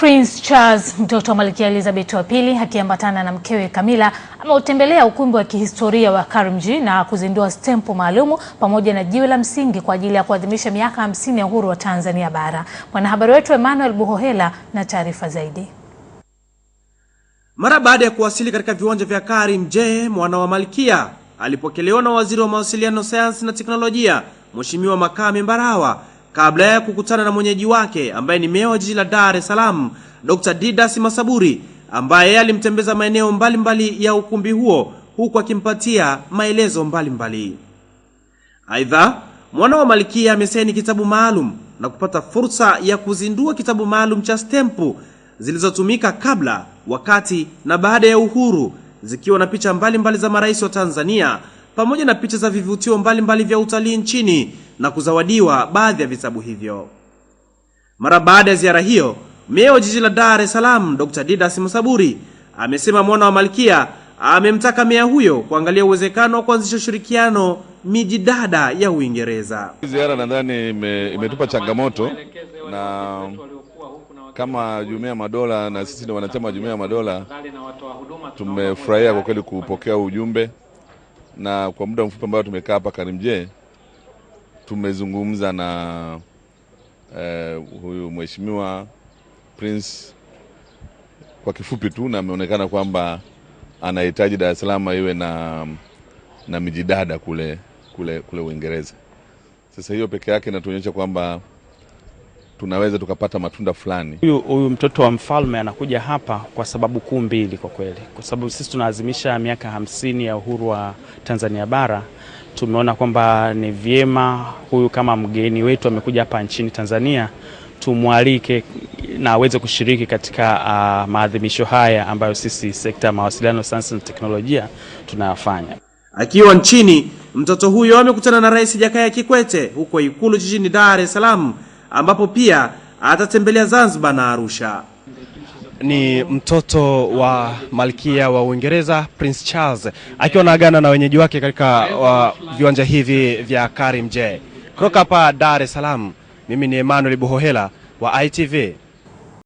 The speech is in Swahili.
Prince Charles mtoto wa Malkia Elizabeth wa pili akiambatana na mkewe Camilla ameutembelea ukumbi wa kihistoria wa Karimjee na kuzindua stempo maalumu pamoja na jiwe la msingi kwa ajili ya kuadhimisha miaka hamsini ya uhuru wa Tanzania bara. Mwanahabari wetu Emmanuel Buhohela na taarifa zaidi. Mara baada ya kuwasili katika viwanja vya Karimjee, mwana wa Malkia alipokelewa na Waziri wa Mawasiliano, Sayansi na Teknolojia, Mheshimiwa Makame Mbarawa kabla ya kukutana na mwenyeji wake ambaye ni meya wa jiji la Dar es Salaam Dr. Didas Masaburi ambaye alimtembeza maeneo mbalimbali ya ukumbi huo huku akimpatia maelezo mbalimbali. Aidha, mwana wa Malkia amesaini kitabu maalum na kupata fursa ya kuzindua kitabu maalum cha stempu zilizotumika kabla, wakati na baada ya uhuru zikiwa na picha mbalimbali mbali za marais wa Tanzania pamoja na picha za vivutio mbalimbali mbali vya utalii nchini na kuzawadiwa baadhi ya vitabu hivyo. Mara baada ya ziara hiyo, meya wa jiji la Dar es Salaam Dr. Didas Musaburi amesema Mwana wa Malkia amemtaka meya huyo kuangalia uwezekano wa kuanzisha ushirikiano miji dada ya Uingereza. Ziara nadhani ime, imetupa changamoto na kama Jumuiya ya Madola na sisi ni wanachama wa Jumuiya ya Madola, tumefurahia kwa kweli kupokea ujumbe na kwa muda mfupi ambao tumekaa hapa Karimjee Tumezungumza na eh, huyu mheshimiwa Prince kwa kifupi tu, na ameonekana kwamba anahitaji Dar es Salaam iwe na, na mijidada kule, kule, kule Uingereza. Sasa hiyo peke yake inatuonyesha kwamba tunaweza tukapata matunda fulani. Huyu huyu mtoto wa mfalme anakuja hapa kwa sababu kuu mbili kwa kweli, kwa sababu sisi tunaadhimisha miaka hamsini ya uhuru wa Tanzania bara tumeona kwamba ni vyema huyu kama mgeni wetu amekuja hapa nchini Tanzania tumwalike na aweze kushiriki katika uh, maadhimisho haya ambayo sisi sekta ya mawasiliano, sayansi na teknolojia tunayafanya. Akiwa nchini, mtoto huyo amekutana na Rais Jakaya Kikwete huko Ikulu jijini Dar es Salaam, ambapo pia atatembelea Zanzibar na Arusha ni mtoto wa malkia wa Uingereza Prince Charles akiwa naagana na wenyeji wake katika viwanja hivi vya Karimjee kutoka hapa Dar es Salaam. Mimi ni Emmanuel Buhohela wa ITV.